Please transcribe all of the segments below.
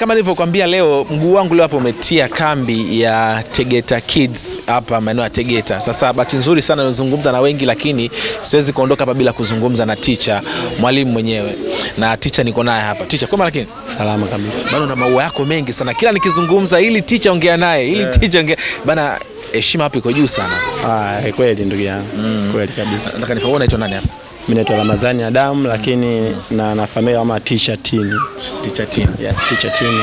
Kama nilivyokuambia leo, mguu wangu leo hapa umetia kambi ya Tegeta Kids hapa maeneo ya Tegeta. Sasa bahati nzuri sana nimezungumza na wengi, lakini siwezi kuondoka hapa bila kuzungumza na ticha, mwalimu mwenyewe, na ticha niko naye hapa. Ticha, kwa lakini salama kabisa bana, una maua yako mengi sana, kila nikizungumza ili ticha ongea naye ili yeah. ticha ongea bana, heshima hapo iko juu sana. Ah, kweli ndugu yangu, mm. kweli kabisa. Nataka nifaone, unaitwa nani hasa? Mimi naitwa ya damu lakini na na familia kama Teacher Tini. Teacher Tini. Yes, Teacher Tini.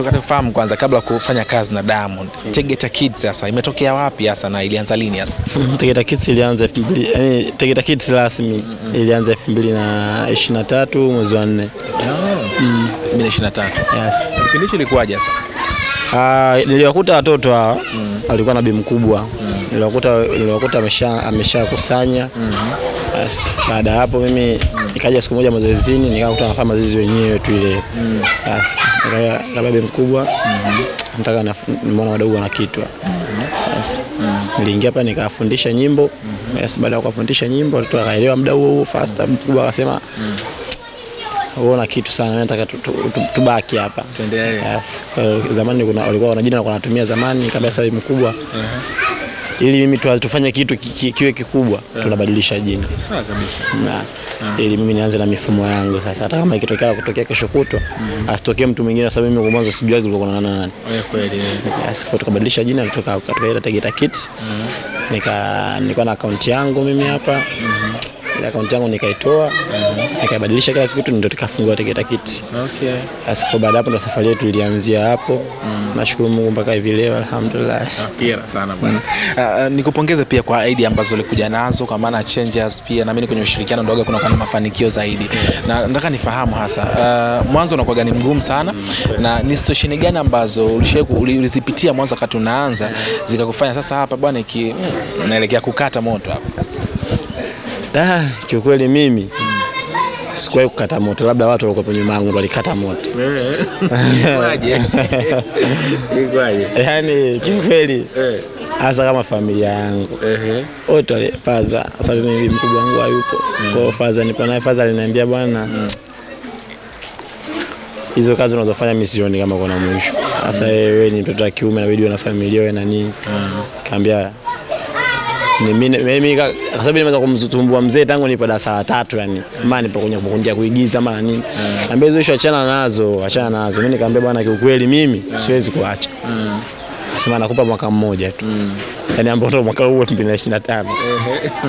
Mm. kufahamu kwanza kabla kufanya kazi na Diamond. Mm. Tegeta Kids sasa imetokea wapi sasa na ilianza lini sasa? Mm, Tegeta Kids ilianza 2000, yani eh, Tegeta Kids rasmi mm, mm. ilianza 2023 mwezi wa 4. 2023. Ah. Yes. Kipindi hicho ilikuwaje sasa? Uh, niliwakuta watoto hawa mm. alikuwa na bibi mkubwa mm. niliwakuta niliwakuta amesha ameshakusanya mm -hmm. baada ya hapo mimi mm. nikaja siku moja mazoezini nikakuta anafanya mazoezi wenyewe tu ile mm. Basi nikaja bibi mkubwa mm -hmm. nataka nimeona wadogo wana kitu mm -hmm. mm. niliingia hapa nikafundisha nyimbo mm -hmm. baada ya kuwafundisha nyimbo watoto wakaelewa muda huo huo fasta mkubwa akasema mm uona kitu sana, nataka tubaki hapa tuendelee. Yes. Zamani kuna walikuwa wana jina wanatumia zamani kabla sasa mkubwa. Uh-huh. Ili mimi tufanye kitu kiwe kikubwa, Uh-huh. tunabadilisha jina. Sawa kabisa. Na uh-huh. ili mimi nianze na mifumo yangu sasa, hata kama ikitokea kutokea kesho kutwa, mm-hmm. asitokee mtu mwingine, sababu mimi kwa mwanzo sijui kulikuwa na nani. Kweli. Yes, kwa tukabadilisha jina kutoka katika ile Tegeta Kids. Uh-huh. Nika nilikuwa na akaunti yangu mimi hapa. Mm-hmm akaunti yangu nikaitoa, mhm. nikaibadilisha kila kitu, ndio tukafungua Tegeta Kit. Okay. Basi kwa baada hapo ndo safari yetu ilianzia hapo. Mm. Nashukuru Mungu mpaka hivi leo alhamdulillah. Hongera sana bwana. Uh, nikupongeze pia kwa idea ambazo ulikuja nazo kwa maana changes pia na mimi kwenye ushirikiano ndoga kuna kuna mafanikio zaidi. Na nataka nifahamu hasa uh, mwanzo unakuwa gani mgumu sana mm. na ni situation gani ambazo ulizipitia mwanzo wakati unaanza zikakufanya sasa hapa bwana naelekea kukata moto hapa? Da, ah, kiukweli mimi sikuwahi kukata moto, labda watu walikuwa nyuma yangu walikata moto. yani kiukweli eh. hasa kama familia yangu wote wale faza, sasa mimi mkubwa wangu hayupo, mm. kwa faza nipo naye. Faza aliniambia bwana, mm. hizo kazi unazofanya mimi sioni kama kuna mwisho. Sasa wewe mm. ni mtoto wa kiume, inabidi uwe na familia, uwe na nini. Kaambia mimi kwa sababu nimeanza kumzutumbua mzee tangu nipo darasa la tatu, yani maana nipo kwenye kukunja kuigiza maana nini, ambao hizo achana nazo, achana nazo. Mimi nikamwambia bwana, kiukweli mimi siwezi kuacha, sema nakupa mwaka mmoja tu, yani ambao ndo mwaka huu 2025.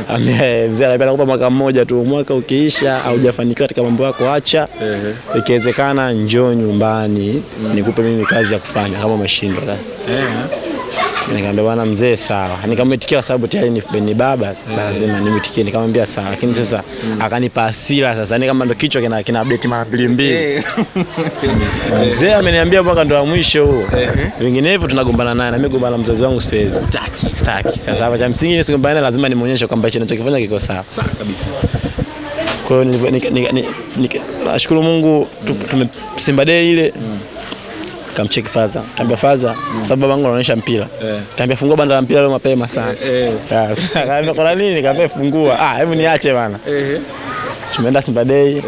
Ambaye mzee anapenda nakupa mwaka mmoja tu, mwaka ukiisha au hujafanikiwa katika mambo yako, acha, ikiwezekana njoo nyumbani nikupe mimi kazi ya kufanya kama umeshindwa. Nikamwambia bwana mzee, sawa. Nikamwitikia kwa sababu tayari ni baba, sasa eh. lazima nimwitikie. Nikamwambia sawa, lakini sasa mm. akanipa hasira sasa, ni yaani kama ndo kichwa kina kina update mara mbili mbili. Eh. Mzee ameniambia mpaka ndo mwisho huo, eh. vinginevyo tunagombana naye, na mimi gombana mzazi wangu siwezi, sitaki. Sasa hapa cha msingi ni sikumbana naye, lazima nimuonyeshe kwamba hicho ninachokifanya kiko sawa sawa kabisa. Kwa hiyo nashukuru Mungu, tumesimba Day ile mm. Kamcheki Faza, kaambia Faza, sababu babangu anaonyesha mpira, eh. kaambia fungua banda la mpira leo mapema sana. Eh, eh, kaambia kwa nini? Kaambia fungua. Ah, hebu niache bana. Tumeenda Simba Day.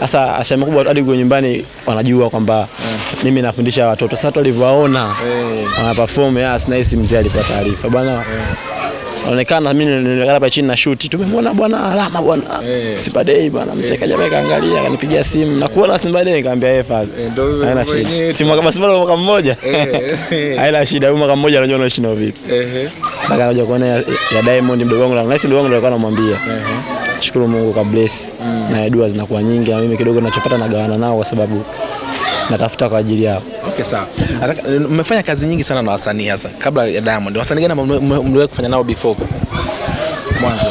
Sasa ashamu kubwa hadi kwa nyumbani wanajua kwamba mimi nafundisha watoto. Sasa walivyoona wana perform, yes, nice mzee alipata taarifa bwana. Anaonekana mimi nilikaa hapa chini na shoot. Tumemwona bwana alama bwana. Hey. Eh. Simba Day bwana. Mimi hey. Kaja meka Kaangalia, akanipigia simu. Na kuona Simba Day nikamwambia yeye fazi. Eh, haina shida. Simu kama Simba Day mwaka mmoja. Eh, haina shida. huyu Mwaka mmoja anajua anaishi na vipi. Eh. Baka anakuja kuona ya Diamond mdogo wangu na naishi mdogo wangu alikuwa anamwambia. Shukuru Mungu kwa bless. Mm. Na dua zinakuwa nyingi na mimi kidogo ninachopata nagawana nao kwa sababu natafuta kwa ajili yao. Okay, sawa. Eh, mmefanya kazi nyingi sana na wasanii hasa kabla ya Diamond. Wasanii gani mliwahi kufanya nao before mwanzo?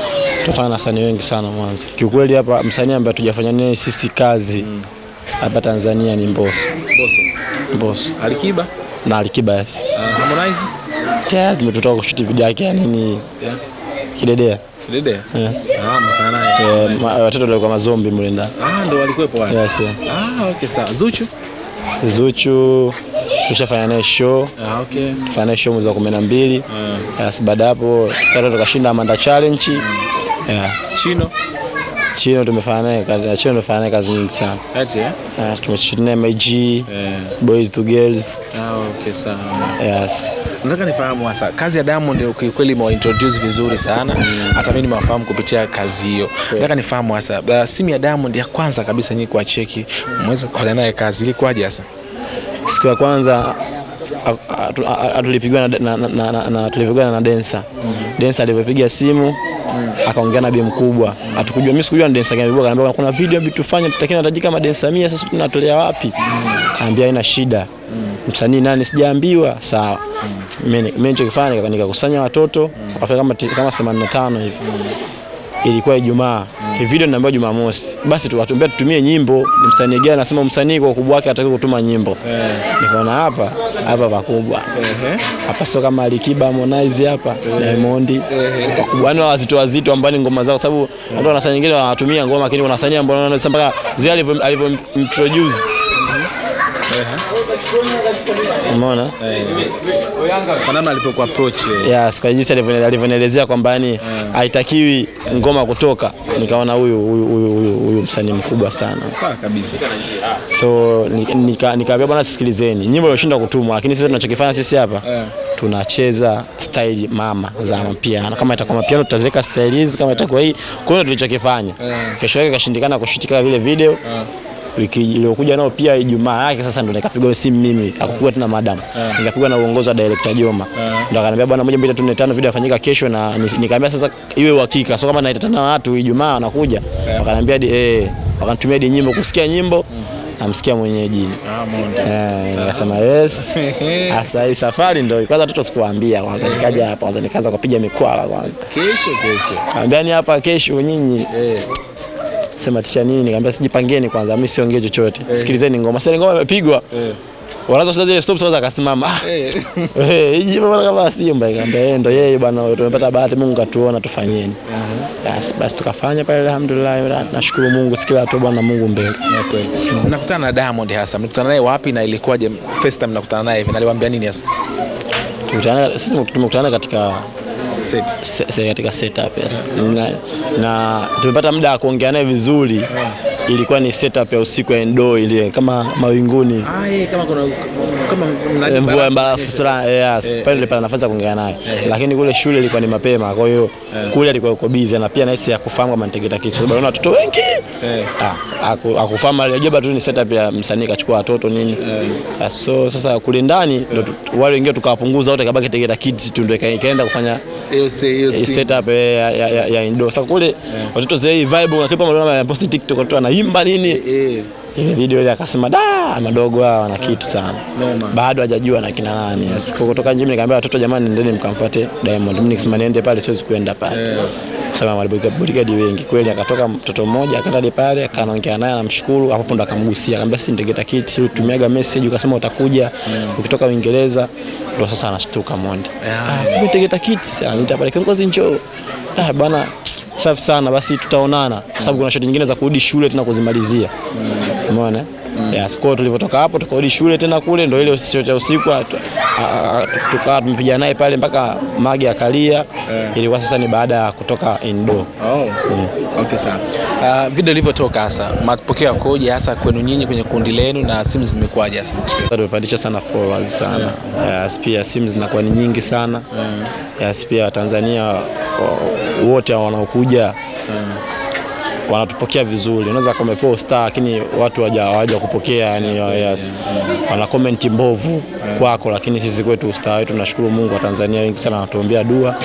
Tufanya na wasanii wengi sana mwanzo. Kiukweli hapa msanii ambaye tujafanya naye sisi kazi mm. hapa mm. Tanzania ni Mbosso. Mbosso. Mbosso. Alikiba? Na Alikiba yes. Uh, Harmonize? Tayari tumetoka kushuti video yake ya nini? Yeah. Kidedea. Kidedea? Yeah. Ah, mfanya naye. Eh, watoto walikuwa mazombi mle ndani. Ah, ndo walikuwepo wale. Yes. Yeah. Ah, okay sawa. Zuchu? Zuchu tushafanya naye show. Ah, okay. Tufanya naye show mwezi wa 12. Ah. Yeah. Baada hapo tukaenda tukashinda Amanda Challenge. Mm. Yeah. Chino. Chino tumefanya naye kazi, Chino tumefanya naye kazi nyingi sana. Kati eh? Ah, tumeshinda naye MG. Yeah. Boys to Girls. Ah, okay, sawa. Yes. Nataka nifahamu hasa kazi ya Diamond kiukweli imewa introduce vizuri sana mm. hata mimi nimewafahamu kupitia kazi hiyo. okay. Nataka nifahamu hasa simu ya Diamond ya kwanza kabisa nyinyi kwa cheki mm. kufanya naye kazi ilikuwaje hasa? Siku ya kwanza tulipigwa na na na, tulipigwa na Densa. mm. Densa alipopiga simu mm. akaongea na bibi mkubwa. Mm. atukujua mimi sikujua ni Densa gani, akaniambia kuna video bibi tufanye, tutakina tajika madensa mia sasa tunatolea wapi? Mm ambia haina shida mm. msanii nani sijaambiwa, sawa mm. mimi mm. nilichokifanya nikakusanya watoto mm. wafika kama kama 85 hivi mm. ilikuwa Ijumaa mm. video ninaambiwa Jumamosi, basi tuwatumbia tutumie nyimbo, ni msanii gani anasema msanii kwa ukubwa wake atakiwa kutuma nyimbo yeah. nikaona hapa hapa pakubwa hapa sio kama Alikiba Harmonize hapa eh. Diamond kubwa yani wazito wazito ambao ni ngoma zao, sababu watu eh. wanasanya nyingine wanatumia ngoma, lakini wanasanya wasanii ambao mpaka zile alivyo introduce Umeona? Eh. Kwa namna alivyokuwa approach. Yes, kwa jinsi alivyonielezea kwamba yani eh. haitakiwi ngoma kutoka, nikaona huyu huyu huyu msanii mkubwa sana. kabisa. So nika bwana, sikilizeni. Nyimbo imeshindwa kutumwa, lakini sisi tunachokifanya sisi hapa eh. tunacheza style mama za mapiano. Kama itakuwa mapiano tutaziweka style hizi, kama itakuwa hii. Kwa hiyo tulichokifanya. Kesho yake kashindikana kushitika vile video wiki iliyokuja nao pia Ijumaa yake sasa ndo nikapigwa simu mimi, akakuwa tena madam, ah. nikapigwa na uongozi wa director Joma, ah. ndo akaniambia bwana, moja mbili tatu nne tano, video yafanyika kesho, na nikaambia sasa iwe uhakika, so kama naita tena watu Ijumaa wanakuja, eh. wakaniambia eh, wakanitumia di nyimbo kusikia nyimbo mm. namsikia mwenyeji ah, eh, nikasema yes. Sasa hii safari ndio kwanza, watoto sikuwaambia kwanza, nikaja hapa kwanza, nikaanza kupiga mikwala kwanza, kesho kesho, ambia ni yaani hapa kesho nyinyi eh sema ticha nini, nikamwambia sijipangeni kwanza, mimi siongee chochote hey. Eh. Sikilizeni ngoma. Sasa ngoma imepigwa hey. Eh. Wanaanza sasa zile stop sasa akasimama. Eh. Eh, hiji kama Simba ikamwambia yeye eh, ndo yeye bwana tumepata bahati Mungu katuona tufanyeni. uh -huh. basi tukafanya pale alhamdulillah. Nashukuru Mungu sikila tu bwana Mungu mbele. na kweli. Nakutana na Diamond hasa. Mnakutana naye wapi na ilikuwaje first time nakutana naye hivi? Naliwaambia nini hasa? Tumekutana sisi tumekutana katika set, katika setup yes. Yeah. na, na tumepata muda wa kuongea naye vizuri yeah ilikuwa ni setup ya usiku ya ndo ile kama mawinguni eh, mvua barafu eh, eh, pale pana nafasi ya kuongea naye, lakini kule shule ilikuwa ni mapema, kwa hiyo kule alikuwa yuko busy na pia nahisi hakufahamu kama Ntegeta Kids, sababu naona watoto wengi ah, akufahamu, alijua tu ni setup ya msanii kachukua watoto nini. Ah, so sasa kule ndani ndio wale wengine tukawapunguza wote, kabaki Ntegeta Kids tu ndio ikaenda kufanya hiyo setup ya ndo. Sasa kule watoto zile vibe, unakipa mdomo na post TikTok tu wanaimba nini e, ile video ile akasema da, madogo hao wana ah, kitu sana Noma. Bado hajajua na kina nani. Kutoka nje mimi nikamwambia watoto, jamani, nendeni mkamfuate Diamond. Mimi nikisema niende pale siwezi kuenda pale e. Eh. Sema mabodigadi wengi kweli. Akatoka mtoto mmoja akaenda pale akaongea naye, anamshukuru hapo, ndo akamgusia akamwambia, si ndegeta kiti utumiaga message ukasema utakuja mm. ukitoka Uingereza. Ndo sasa anashtuka Mondi, yeah. Ah, tegeta kiti ananiita pale, kwa njoo, ah bwana safi sana, basi tutaonana, kwa sababu kuna shoti nyingine za kurudi shule tena kuzimalizia. Umeona? Mm. Yes, kwa tulivyotoka hapo tukarudi shule tena kule, ndio ile sio cha usiku tukawa tumepiga naye pale mpaka magi akalia, eh. ilikuwa sasa ni baada ya kutoka indo. Oh. Mm. Okay sana. Uh, video ilivyotoka hasa mapokeo yakoje hasa kwenu nyinyi kwenye kundi lenu na simu zimekuwaje hasa? Tumepandisha sana followers sana. Yeah. Yes, pia simu zinakuwa ni nyingi sana. Mm. Yes, pia Tanzania wote wanaokuja wanatupokea vizuri. Unaweza kama posta lakini watu waja kupokea, yani oh, wana comment mbovu kwako, lakini sisi kwetu ustaa wetu, nashukuru Mungu wa Tanzania wengi sana wanatuombea dua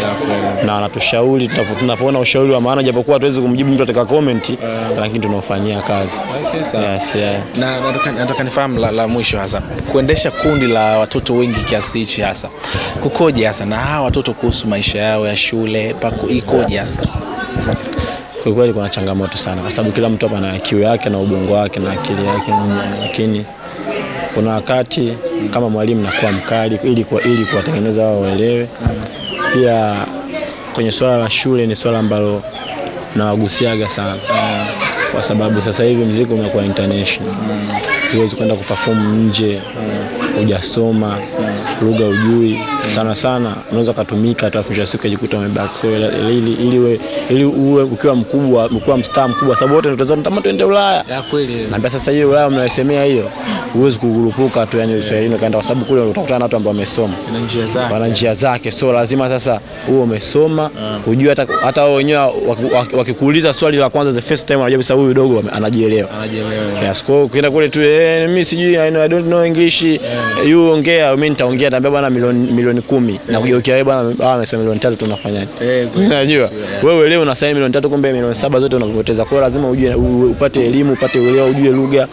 na wanatushauri, tunapoona ushauri wa maana, japokuwa hatuwezi kumjibu mtu atakaye comment, lakini tunaofanyia kazi. Yes, yeah. Na nataka nifahamu la, la mwisho hasa kuendesha kundi la watoto wengi kiasi hichi hasa kukoje hasa na hawa watoto kuhusu maisha yao ya shule ikoje hasa? Kwa kweli kuna changamoto sana, kwa sababu kila mtu hapa ana kiu yake na ubongo wake na akili yake, lakini kuna wakati kama mwalimu nakuwa mkali ili ili kuwatengeneza wao waelewe. Pia kwenye swala la shule ni swala ambalo nawagusiaga sana, kwa sababu sasa hivi mziki umekuwa international, huwezi kwenda kuperform nje, hujasoma lugha, ujui sana sana unaweza kutumika hata mwisho siku ajikuta umebaki ili ili ili uwe ukiwa mkubwa ukiwa mstar mkubwa, sababu wote ndio tunatamani tuende Ulaya. Ya kweli. Na sasa hiyo Ulaya mnaisemea hiyo, huwezi kugurupuka tu yani Uswahilini kaenda kwa sababu kule utakutana na watu ambao wamesoma, na njia zake, wana njia zake, so lazima sasa uwe umesoma kujua mm. hata hata wao wenyewe wakikuuliza swali la kwanza the first time unajua sababu huyu dogo anajielewa, anajielewa. Yes, kwa hiyo ukienda kule tu eh, mimi sijui I don't know English, you ongea, mimi nitaongea, nitaambia bwana milioni milioni milioni kumi na eh. kugeukia wewe bwana, hawa wamesema milioni tatu, tunafanyaje? Eh, Unajua wewe leo unasaini milioni tatu, kumbe milioni saba zote unapoteza. Kwa hiyo lazima ujue, upate elimu, upate uelewa, ujue lugha,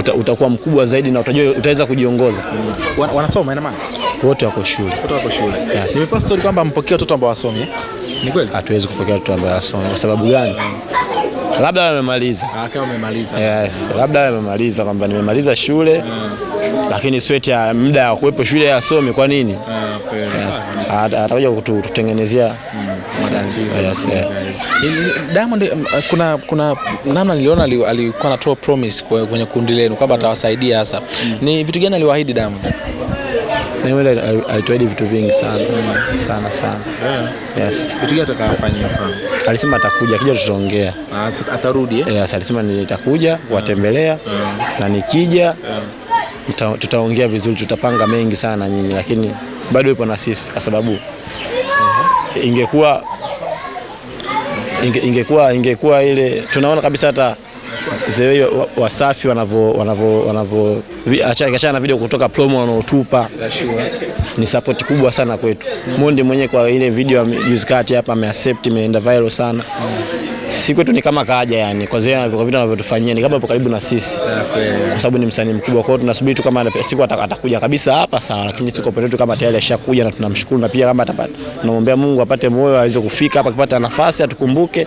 hmm. utakuwa mkubwa zaidi na utajua, utaweza kujiongoza. Hmm. Wanasoma ina maana wote wako shule, wote wako shule. yes. Nimepata story kwamba mpokea watoto ambao wasomi, eh? ni kweli? Hatuwezi kupokea watoto ambao wasomi. Kwa sababu gani? Hmm labda wamemaliza. Ah, kama Yes, labda wamemaliza kwamba nimemaliza shule mm. Lakini sweti ya muda ya kuwepo shule ya somi kwa nini? Ah, ah atakuja kututengenezea mm, Diamond. Um, uh, kuna kuna namna niliona alikuwa anatoa promise kwenye kundi lenu kwamba atawasaidia. Sasa mm. ni vitu gani aliwaahidi Diamond? Nywele alituahidi vitu vingi sana sana sana. Yes. Kitu gani atakayofanyia mfano? Alisema atakuja, akija tutaongea. Ah, atarudi eh? Yes, alisema nitakuja ah. kuwatembelea ah. na nikija tutaongea vizuri, tutapanga mengi sana nyinyi, lakini bado yupo na sisi kwa sababu uh-huh. ingekuwa ingekuwa ingekuwa ile tunaona kabisa hata zile Wasafi wanavyo wanavyo wanavyo achana na video kutoka promo wanaotupa ni support kubwa sana kwetu. Mondi mwenyewe kwa ile video ya juzi kati hapa ameaccept, imeenda viral sana si kwetu ni kama kaja yani, kwa zile kwa vitu anavyotufanyia ni kama karibu na sisi, kwa sababu ni msanii mkubwa. Kwa hiyo tunasubiri tu kama siku atakuja kabisa hapa sawa, lakini siku pote tu kama tayari ashakuja, na tunamshukuru na pia kama atapata, tunamwombea Mungu apate moyo aweze kufika hapa, akipata nafasi atukumbuke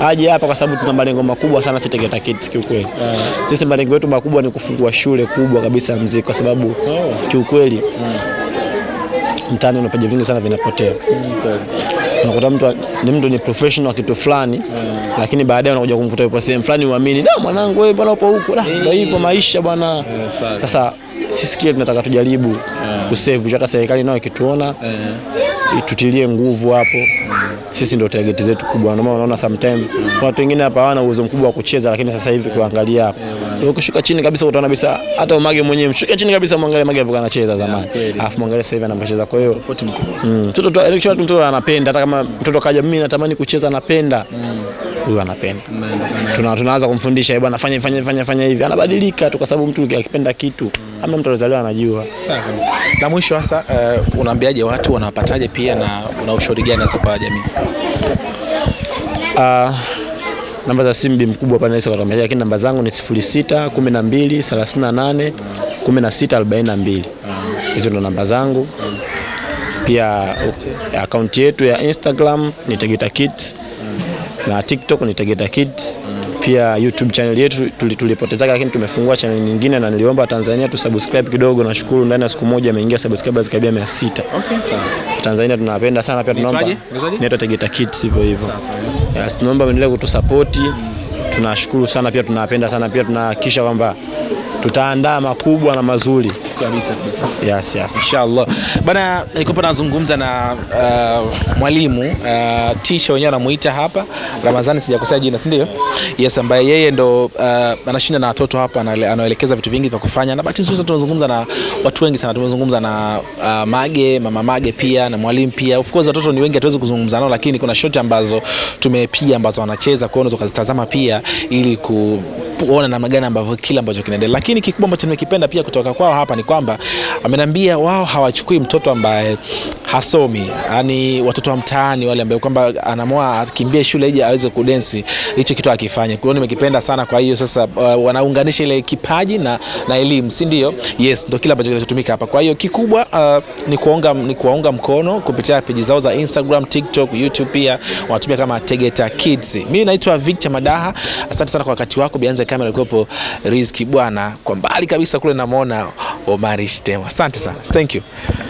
aje hapa, kwa sababu tuna malengo makubwa sana sisi Tegeta Kids kiukweli. Yeah. Sisi malengo yetu makubwa ni kufungua shule kubwa kabisa ya muziki, kwa sababu oh, kiukweli mm, mtaani unapaja vingi sana vinapotea mm, unakuta mtu ni mtu ni professional kitu fulani mm, lakini baadaye unakuja kumkuta yupo sehemu fulani uamini, "Na mwanangu wewe bwana upo huko, ndio hivyo maisha bwana. Eh, Sasa sisi kile tunataka tujaribu yeah. kusevu hata serikali nayo ikituona yeah. itutilie nguvu hapo sisi ndio target zetu kubwa, ndio maana unaona sometime kuna watu wengine hapa hawana uwezo mkubwa wa kucheza, lakini sasa hivi ukiangalia hapo yeah, ukishuka chini kabisa utaona kabisa hata umage mwenyewe mshuka chini kabisa, muangalie Mage alivyokuwa anacheza zamani, alafu muangalie sasa hivi anavyocheza. Kwa hiyo mm, mtoto mtoto anapenda, hata kama mtoto kaja, mimi natamani kucheza, anapenda mm huyu anapenda, tunaanza kumfundisha eh, bwana, fanya fanya fanya fanya hivi, anabadilika tu, kwa sababu mtu akipenda kitu amna mtu alizaliwa anajua. Na mwisho hasa, uh, unaambiaje watu wanapataje pia na una ushauri gani hasa kwa jamii? Uh, namba za simu mkubwa pale naweza kutumia, lakini namba zangu ni 06 12 38 16 42. Hizo ndo namba zangu pia akaunti yetu ya Instagram ni Tegeta Kids na TikTok ni Tegeta Kids pia YouTube channel yetu tulipotezaga, lakini tumefungua channel nyingine, na niliomba Tanzania tu subscribe kidogo. Nashukuru ndani ya siku moja ameingia subscribers karibia 600. Okay, sawa. Tanzania tunawapenda sana pia, tunaomba neto Tegeta Kids hivyo hivyo. Yes, tunaomba mwendelee kutusapoti. Tunashukuru sana pia, tunawapenda sana pia, tunahakikisha kwamba tutaandaa makubwa na mazuri. Kabisa kabisa. Yes, yes. Inshallah. Bana, nilikuwa nazungumza na uh, mwalimu uh, Tisha wenyewe anamuita hapa Ramadhani, sijakosea jina, si ndio? Yes, ambaye yeye ndo uh, anashinda na watoto hapa, anaelekeza vitu vingi vya kufanya, na bahati nzuri tunazungumza na watu wengi sana. Tumezungumza na uh, Mage, mama Mage pia na mwalimu pia. Of course watoto ni wengi, hatuwezi kuzungumza nao, lakini kuna shoti ambazo tumepiga ambazo wanacheza, kwa hiyo unaweza kuzitazama pia ili ku kuona namna gani ambavyo kila ambacho kinaendelea. Lakini kikubwa ambacho nimekipenda pia kutoka kwao hapa ni kwamba amenambia wao hawachukui mtoto ambaye hasomi, yani watoto wa mtaani wale ambao kwamba anaamua akimbie shule ije aweze kudensi, hicho kitu akifanya. Kwa hiyo nimekipenda sana. Kwa hiyo sasa uh, wanaunganisha ile kipaji na, na elimu, si ndio? Yes, ndio kile ambacho kinachotumika hapa. Kwa hiyo kikubwa uh, ni kuonga ni kuwaunga mkono kupitia peji zao za Instagram, TikTok, YouTube pia wanatumia kama Tegeta Kids. Mimi naitwa Victor Madaha. Asante sana kwa wakati wako. Bianze kamera ilikuwepo Rizki bwana, kwa mbali kabisa kule namwona Omari Shitema. Asante sana. Thank you.